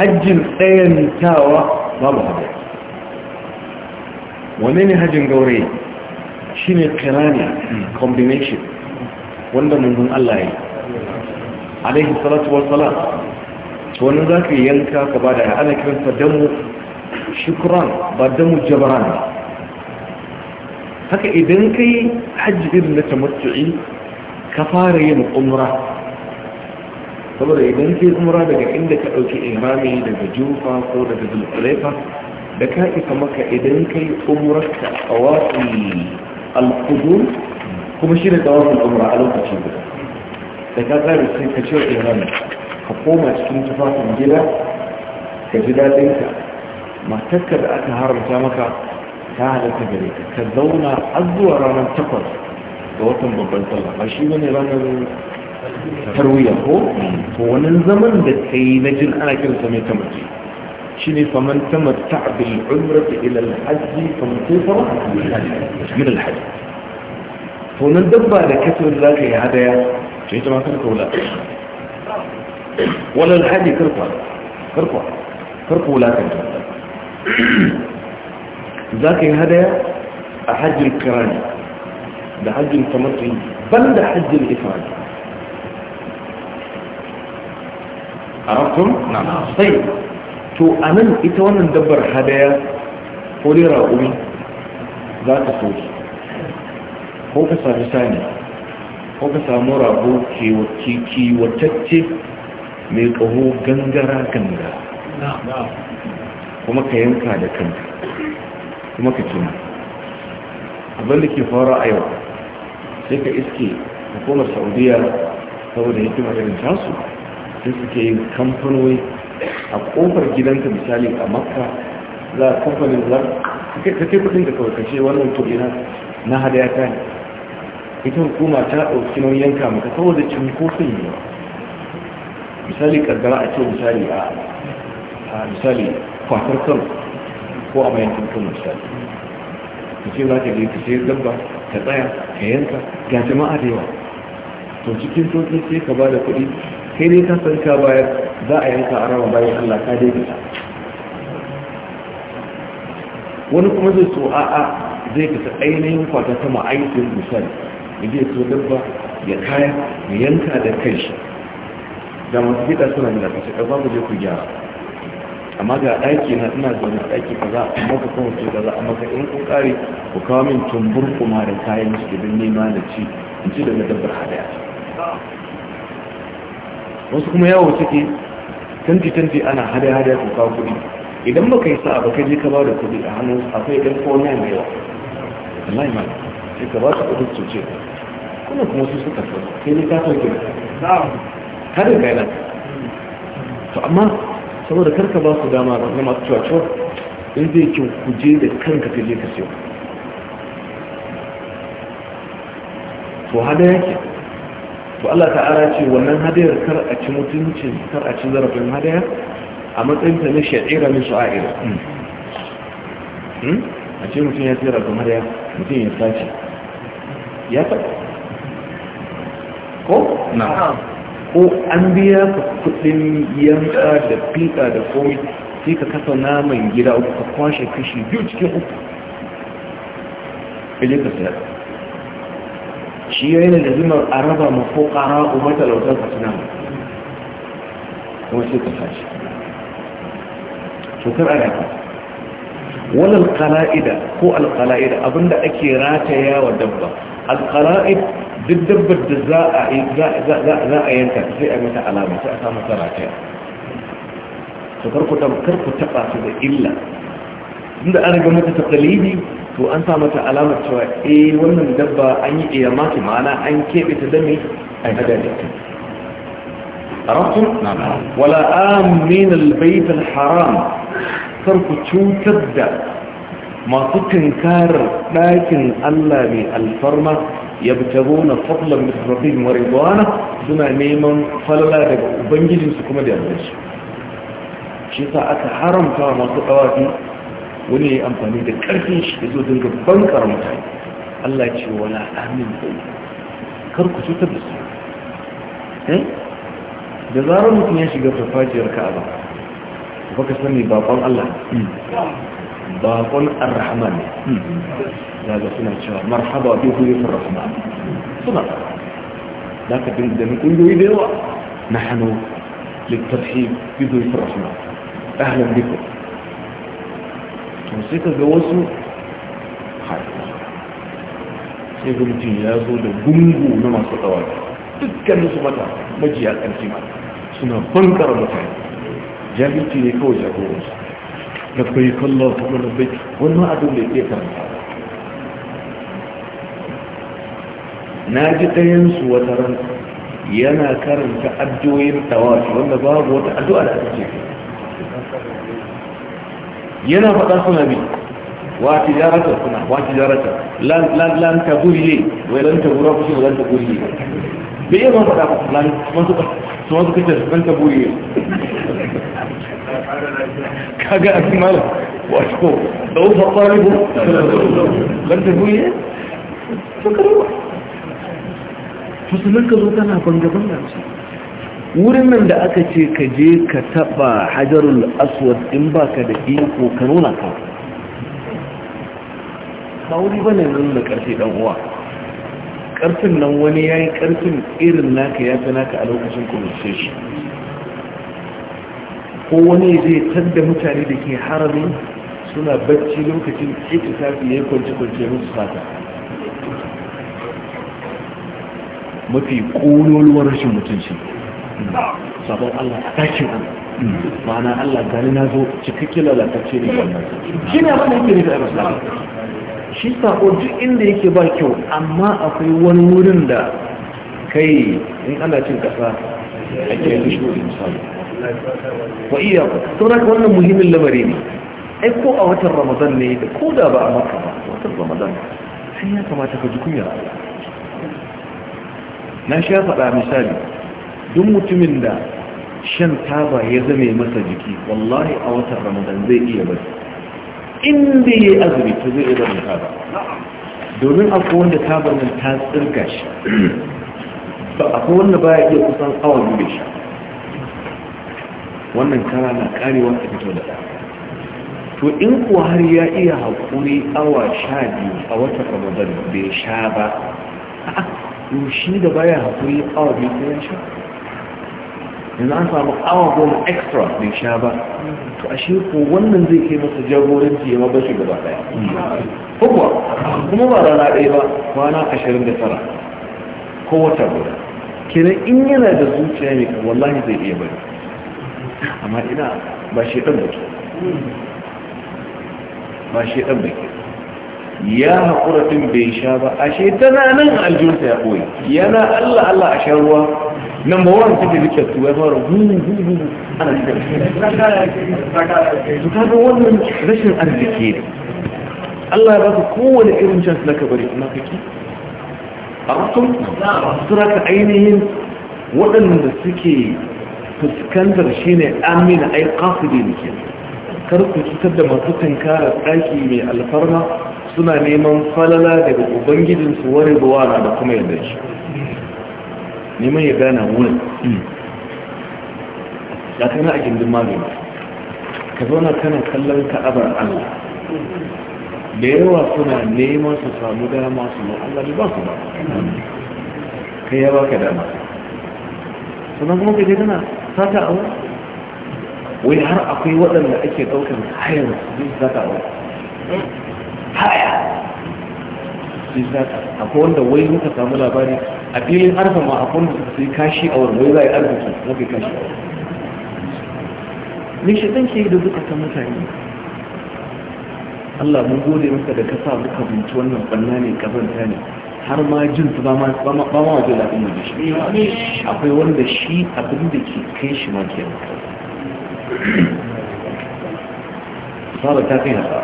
hajjin tsayantawa babu hadaya wane ne hajjin gaure shi ne kirani combination wanda mungun Allah ya yi alaihi salatu wassalam wani za ka yanka ka ba da ana kiransa damu shukran ba damu jabaran haka idan ka yi hajji irin na matui ka fara yin umra saboda idan ka yi umra daga inda ka ɗauki irami daga jufa ko daga zulfulefa da ka isa maka idan kayi umrarka a wafi al kuma shi ne tawafin umra a lokaci guda da ka tsari sai ka ce iran ka koma cikin tufafin gida ka ji daɗinka matakka da aka haramta maka ta halatta gare ka ka zauna har zuwa ranar takwas ga watan babban sallah ba shi ne ranar tarwiyya ko wani zaman da ta yi na jin ana kiransa mai tamaki شنو فمن تمتع بالعمرة إلى الحج فمتوفى من الحج فمن على لكتر الله هدايا شهيت ما كنت ولا ولا الحج كرفة كرفة كرفة ولا كنت ذاك هدايا حج الكراني ده حج التمتع بل ده حج الإفراد عرفتم؟ نعم طيب to a nan ita wannan dabbar hadaya ko dai raƙumi za ta so ko ka sami sani ko ka samu rago kiwatacce mai ƙaho gangara ganga kuma ka yanka da kanka kuma ka kima abinda ke fara a yau sai ka iske hukumar saudiya saboda hikimar irin tasu sai suke yin kamfanoyi a kofar gidanka misali a makka za a kofar zar ka ce kudin ka kawai kashe wannan turina na hadaya ta ne ita hukuma ta ɗauki nan yanka maka saboda kofin yi misali kaddara a ce misali a misali kwasar kan ko a mayan kan misali ka ce za ka je ka ce dabba ka tsaya ka yanka ga jama'a da yawa to cikin sauƙi sai ka ba da kuɗi kai ne ka san ka bayar za a yanka a rama bayan Allah ka dai bisa wani kuma zai so a'a zai fita ainihin kwata ta ma'aikin misali ya zai so dabba ya kaya ya yanka da kai shi da masu gida suna da kashe ba ku je ku gyara amma ga ɗaki na ina zaune a ɗaki kaza a maka kuma ce za a maka in ku ku kawo min tumbur kuma da kayan shi don nema da ci in ci da na dabbar hadaya wasu kuma yawo suke tanti-tanti ana hada-hada su kawo kuɗi idan baka yi sa'a baka je ka ba da kuɗi a hannun akwai ɗan kowane mai yawa amma ma sai ka ba su kuɗin cuce kuma kuma su suka so sai ni ka sauke ka da kai to amma saboda karka ba su dama na masu cuwa in zai kyau ku je da kanka ka je ka siyo to hada yake to Allah ta'ala ce wannan hadayar kar a ci mutunci kar a ci zarafin hadaya a matsayin ta ne sha'ira min su'aira hmm. hmm? a ce mutum ya tsira kuma hadaya mutum ya sace ya faɗi ko na ko an biya ka kudin yanka da fika da komai sai ka kasa naman gida uku ka kwashe kashi biyu cikin uku ka je ka sayar shi yana da zimar a raba ma ko ƙara ko matalautar ka suna kuma sai ka sashi cutar a dafa wani alkala'ida ko alkala'ida abinda ake rataya wa dabba alkala'id duk dabbar da za a yanka sai a mata alamata sai a samu rataya su karku taɓa su da illa tunda an riga mata taqalidi to an sa mata alamar cewa eh wannan dabba an yi iya maki ma'ana an kebe ta dame ai hada da ta arabtum wala amin albayt alharam kar ku cutar da masu tinkarar ɗakin Allah mai alfarma ya bi tabo na fadlan misrafin maridwana suna neman falala daga ubangijinsu kuma da yanzu shi sa aka haramta masu ɗawafi wani ya yi amfani da ƙarfin shi da zo dinga bankar mutane Allah ce wala amin bai kar ku cutar da su eh? da zarar mutum ya shiga farfajiyar ka'aba ba ka sani bakon Allah hmm. bakon ar-rahman ga hmm. suna cewa marhaba bi huwa ar-rahman suna da ka dinga da kungiyoyi da yawa nahnu للترحيب بضيوف الرحمن اهلا بكم to sai ka ga wasu sai ga mutum ya zo da gungu na masu tsawata, dukkanin su mata majiya ƙarfi mata suna bankara mutane jami'ci ne kawai jagoransu da kai kallon kuma na bai wannan abin da ya karanta na ji ɗayansu wata ran yana karanta addu'o'in tawafi wanda babu wata addu'a da ake kai yana faɗa suna bi wa tijarata suna wa tijarata lan ta guriye wai lan ta gura kushe lan ta guriye bai yi man faɗa lan su wasu kacce su ta guriye kaga a fi malam wato da ufa ƙwaribu lan ta guriye su karuwa musulun ka zo kana banga-banga su wurin nan da aka ce ka je ka taba hajarul aswad in ba ka da iko ka nuna ka ba wuri ba ne nuna karfi ɗan uwa karfin nan wani ya yi karfin irin naka ya fi naka a lokacin conversation ko wani zai tadda mutane da ke harami suna bacci lokacin ita tafi ya yi kwanci-kwanci musu sata mafi ƙololuwar rashin mutunci sabon Allah a ɗakin ku ma'ana Allah gani na zo cikakken lalatacce ne wannan shi ne abin da yake nufi a misali shi sako duk inda yake ba kyau amma akwai wani wurin da kai in ana cin kasa a kiran shi ne misali wa iya to da wannan muhimmin lamari ne ai ko a watan ramadan ne da ko da ba a maka ba watan ramadan sai ya kamata ka ji kunya na sha faɗa misali duk mutumin da shan taba ya zame masa jiki wallahi a watan ramadan zai iya bari inda ya yi azumi ta zai iya taba domin akwai wanda taba nan ta tsirga shi ba akwai wanda ba ya iya kusan awa biyu sha wannan kara na karewa ta fito da ɗaya to in kuwa har ya iya haƙuri awa sha biyu a wata ramadan bai sha ba a shi da baya haƙuri awa biyu ta yi sha yanzu an samu awa goma extra bai sha ba to a shi ko wannan zai kai masa jagoranci ya mabashi gaba daya hukwa kuma ba rana ɗaya ba kwana ashirin da tara ko wata guda kenan in yana da zuciya ne wallahi zai iya bari amma ina ba shi ɗan baki ba shi ɗan baki ya haƙura bai sha ba A ashe tana nan aljunta ya koyi yana allah allah a shan ruwa number one suke rike su ya fara huhu ana cikin su kaga wannan rashin arziki ne Allah ya ba ku kowane irin su na kabari na kake a rukun suna ka ainihin waɗanda suke fuskantar shi ne amina ai kafide ne ke kar ku cutar da masu tankara ɗaki mai alfarma suna neman falala daga ubangijinsu wani ruwa na da kuma yadda shi neman ya gana wurin hmm. Ya kana a gindin magani ka zauna kana kallon ka'abar allah da yawa suna neman su samu dama su ma allah ba su ba kai ya baka dama sannan kuma ka je kana sata a wani wai har akwai waɗanda ake ɗaukar hayar su sata a wani haya su sata akwai wanda wai muka samu labari a filin arfa ma a kwanda su sai kashi a wani za a yi arziki mafi kashi a wani shi ɗan ke yi da ta mutane Allah mun gode maka da kasa muka binci wannan ɓanna ne ƙazanta ne har ma jin su ba ma wajen daɗin mu da shi akwai wanda shi abin da ke kai shi ma ke Saba ta kai hasa.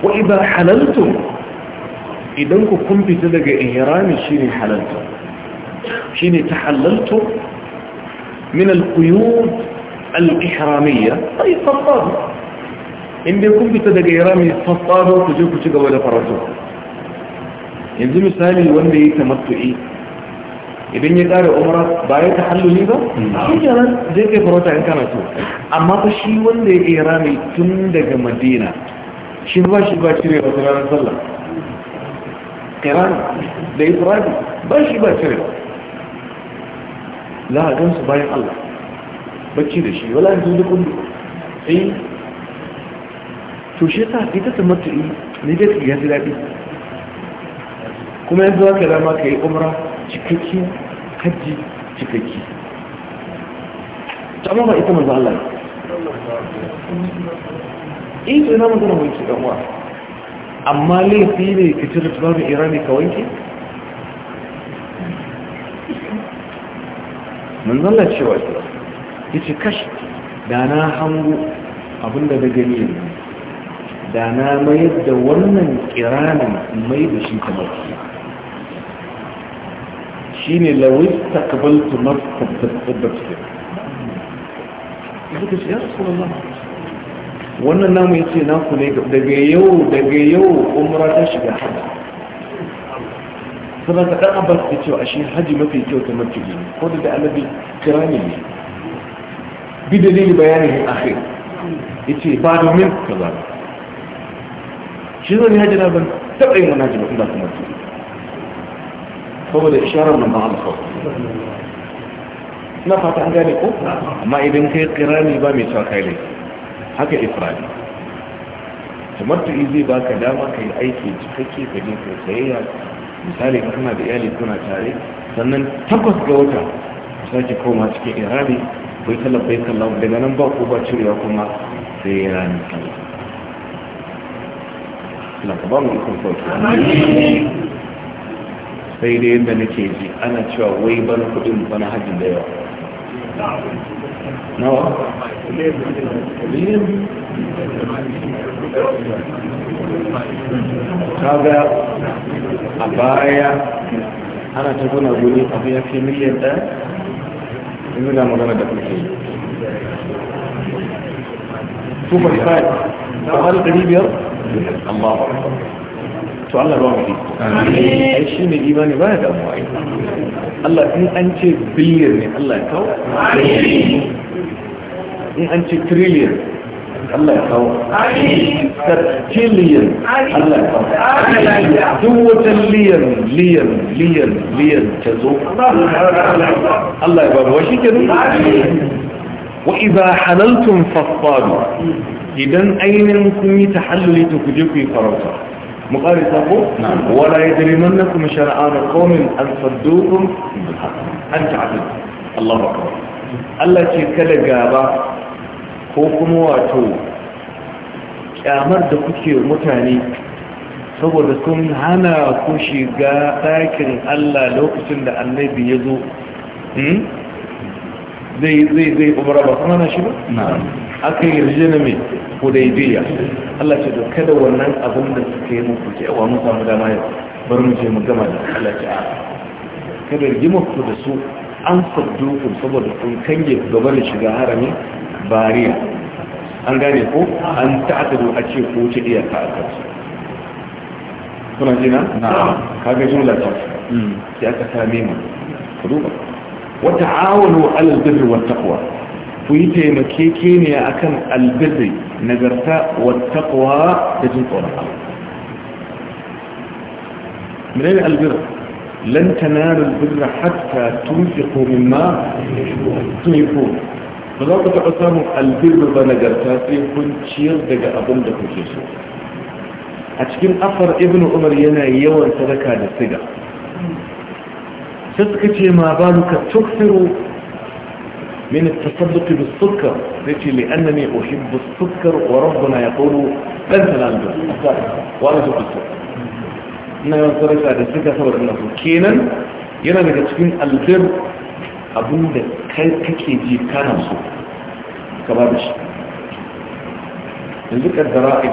Wa idan halaltun idan ku kun fita daga ihrami shine halalta shine tahallaltu min al-quyud al-ihramiyya ay fattadu inda kun fita daga ihrami fattadu ku je ku ci gaba da faratu yanzu misali wanda yake tamattu'i idan ya kare umara ba ya ta halluli ba shi kenan zai kai farauta in kana so amma fa shi wanda ya irami tun daga madina shi ba shi ba cire wata ranar sallah kirani da turabi ba shi ba cire ba za a gansu bayan Allah bacci da shi wala yanzu da kundu eh to shi ta ita ta matu'i ne da ya fi daɗi kuma yanzu haka dama ka yi umra cikakki hajji cikakki ta amma ba ita manzo Allah ne ita yana ina na mulki dan amma laifi ne ka cire tufafin irani ka wanke manzala cewa ya ce kashi da na hango abinda da gani yanzu da na mayar da wannan kiranin mai da shi kamar shi ne lawai takabaltu mafi tabbatar da suka ce ya su kuma wannan namu ya ce naku ne daga yau daga yau umra ta shiga hajji saboda ka dan abbas ya cewa ashe haji mafi kyau ta mafi ne ko da annabi kirani ne bi dalili bayanin akhir yace ba domin kaza shi zan haji na ban taba yin wani haji ba kuma kuma saboda isharar nan ba alfa na fata an gane ko amma idan kai kirani ba mai cewa kai ne haka ta tamattu'i zai baka dama ka yi aiki cikakke ka je kai sayayya misali kana da iyali kuna tare sannan takwas ga wata ka sake koma cikin irani bai talabbai kallon daga nan ba ko ba cirewa kuma sai ya rani sallah na ka ba mu ikon sai dai yadda nake ji ana cewa wai bana kudin bana hajji da yawa nawa biyu kaga a baya ana ta zuna guri abu ya fi miliyan ɗaya magana da kuke yi 2.5 ba har 500 Allah ba to Allah ba mu yi ai shi ne imani ba da mu ai Allah in an ce billion ne Allah ya kawo in an ce trillion Allah ya kawo trillion Allah ya kawo duk wata liyan liyan liyan liyan ta zo Allah ya ba mu shi kenan wa idza halaltum fasadu idan ainin kun yi tahalluli to ku je ku yi farauta مقارن تقول ولا يجرمنكم شرعان قوم أن صدوكم أن تعدل الله أكبر Allah ce kada gaba ko kuma wato kyamar da kuke mutane saboda sun hana ku shiga ɗakin Allah lokacin da annabi ya zo zai zai zai umara ba na hudaybiya Allah ce to kada wannan abin da suka yi muku ce wa mun samu dama yau bar mu je mu gama da Allah ce a kada rigima ku da su an saddu ku saboda kun kange gaba da shiga harami bariya an gane ko an ta'tadu a ce ko wuce iyaka a kansu kuna jina kaga jumla ta sai hmm. aka same mu ku duba wa ala al birri wat taqwa ku yi taimakekeniya akan albirri نجرتا والتقوى تجن قولها من أين البر لن تنال البر حتى تنفقوا مما تنفق فضلت تقسام البر بنجرتا في كل شير دقاء بندك الجيسو أتكين أفر ابن عمر ينا يوان تذكى للسجا ستكتي ما بالك تكثر من التصدق بالسكر يتي لأنني أحب السكر وربنا يقول لن تنالوا وأنا ذوق السكر ina yawan sarrafa da suka saboda ina so kenan yana daga cikin albir abinda kai kake ji kana so ka ba da shi a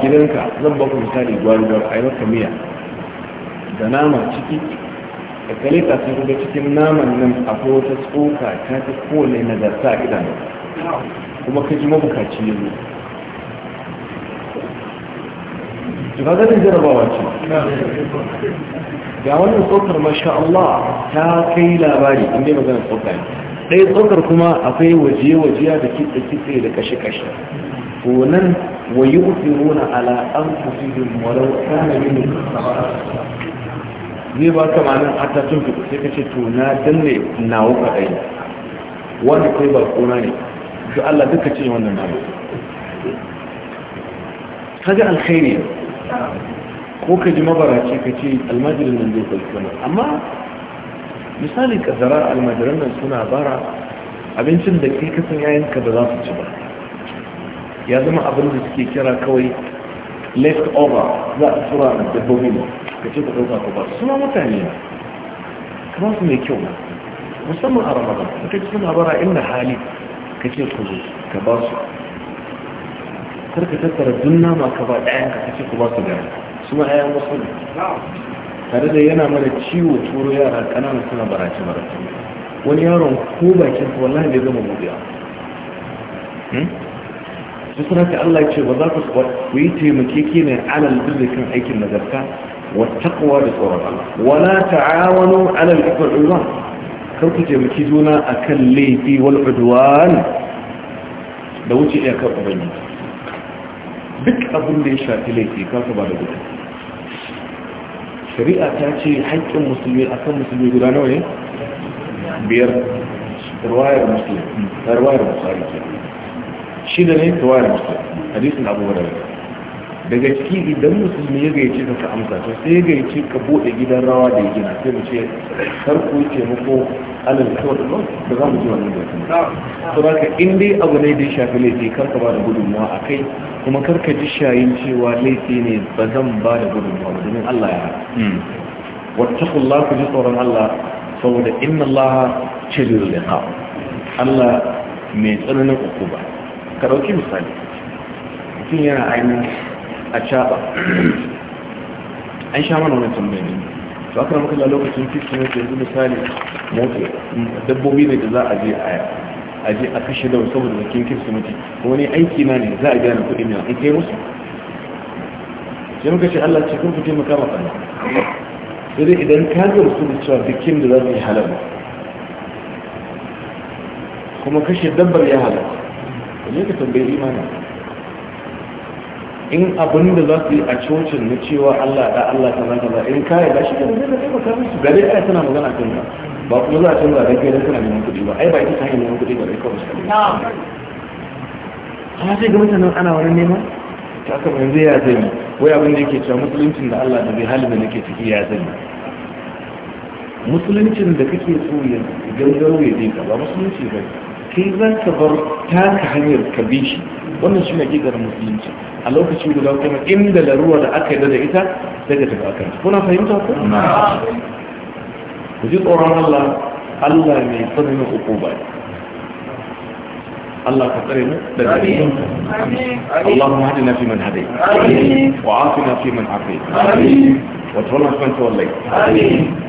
gidanka zan ba ku misali gwari gwari a maka miya da nama ciki da kalita sun kuga cikin naman nan a wata tsoka ta na da sa idan kuma ka ji mabukaci ya zo ki ga ganin jarabawa ce ga wannan tsokar masha Allah ta kai labari in dai maganar tsoka ne ɗaya tsokar kuma akwai waje-wajiya da kitse-kitse da kashe-kashe to nan wa nuna ala an kusurin walau kan min zai ba ka nan hata tun fito sai kace to na danne nawo kaɗai wanda kai ba kona ne to Allah duka ce wannan nawo kaga alkhairi ko ka ji mabaraci ka ce almajirin nan zai ɗauki wannan amma misali zara almajirin nan suna bara abincin da kai kasan yayanka da za su ci ba ya zama abin da suke kira kawai left over za a tura dabbobi ka ce ku ɗauka ku ba su ma mutane ne kamar su mai kyau na musamman a ramadan ka ce suna bara inda hali ka ce ku zo ka ba su kar ka tattara dun nama ka ba ɗayan ka ce ku ba su gari su ma ɗayan wasu ne tare da yana mana ciwo turo yara ƙananan suna barace barace wani yaron ko bakin ku wallahi bai zama gobe su suna ta Allah ce ba za ku yi taimake ne alal birri kan aikin nagarta wattakwa da tsoron Allah wala ta'awanu ala al-ibadah kar ku taimaki juna akan laifi wal da wuce iya kan ubangiji duk abin da ya shafi laifi ka saba da gudu shari'a ta ce haƙƙin musulmi musulmi guda nawa ne biyar ruwayar musulmi ruwayar musulmi shi da ne ruwayar musulmi hadisin abubuwar da daga ciki idan musulmi ya gayyace ka amsa to sai ya gayyace ka bude gidan rawa da ya gina sai mu ce sarku ce muku alal kawai ba da za mu ji wannan da to haka in dai abu ne da ya shafi laifi kar ka ba da gudunmawa a kai kuma kar ka ji shayin cewa laifi ne ba zan ba da gudunmawa ba domin Allah ya hmm. wattaqullaha ku ji tsoron Allah saboda inna Allah da iqab Allah mai tsananin ba. ka dauki misali mutum yana ainihin a caɓa an sha mana wani tambayi to aka maka lokacin fifteen yanzu misali mota dabbobi ne da za a je a a je a kashe dawa saboda bakin kuma wani aiki na ne za a gane kuɗin yana in kai musu sai muka ce Allah ce kun fitin maka maka ne sai dai idan ka ga su da cewa bikin da za su yi halal kuma kashe dabbar ya halal wani ka tambayi imanin in abin da za su yi a cocin na cewa Allah da Allah ta zaka ba in kare ba shi ne da kai ba su gare ai tana magana kan ka ba kuma za a canza da kai kana neman kuɗi ba ai ba ita ta hanyar neman kuɗi ba dai kawai shi ta ce ga mutanen ana wani nema ta aka yanzu ya zai wai abin da yake cewa musuluncin da Allah da bai halin da nake ciki ya zai musuluncin da kake so ya gangaro ya je ka ba musulunci ba kai za ka bar taka hanyar ka bi shi wannan shi ne gigar musulunci a lokacin guda kuma inda laruwa da aka yi da ita sai ka tafi akan kuna fahimta ko ku ji tsoron Allah Allah mai tsananin hukuma ne الله تقرم لدينا اللهم اهدنا فيمن هديت وعافنا فيمن عافيت وتولنا فيمن Amin.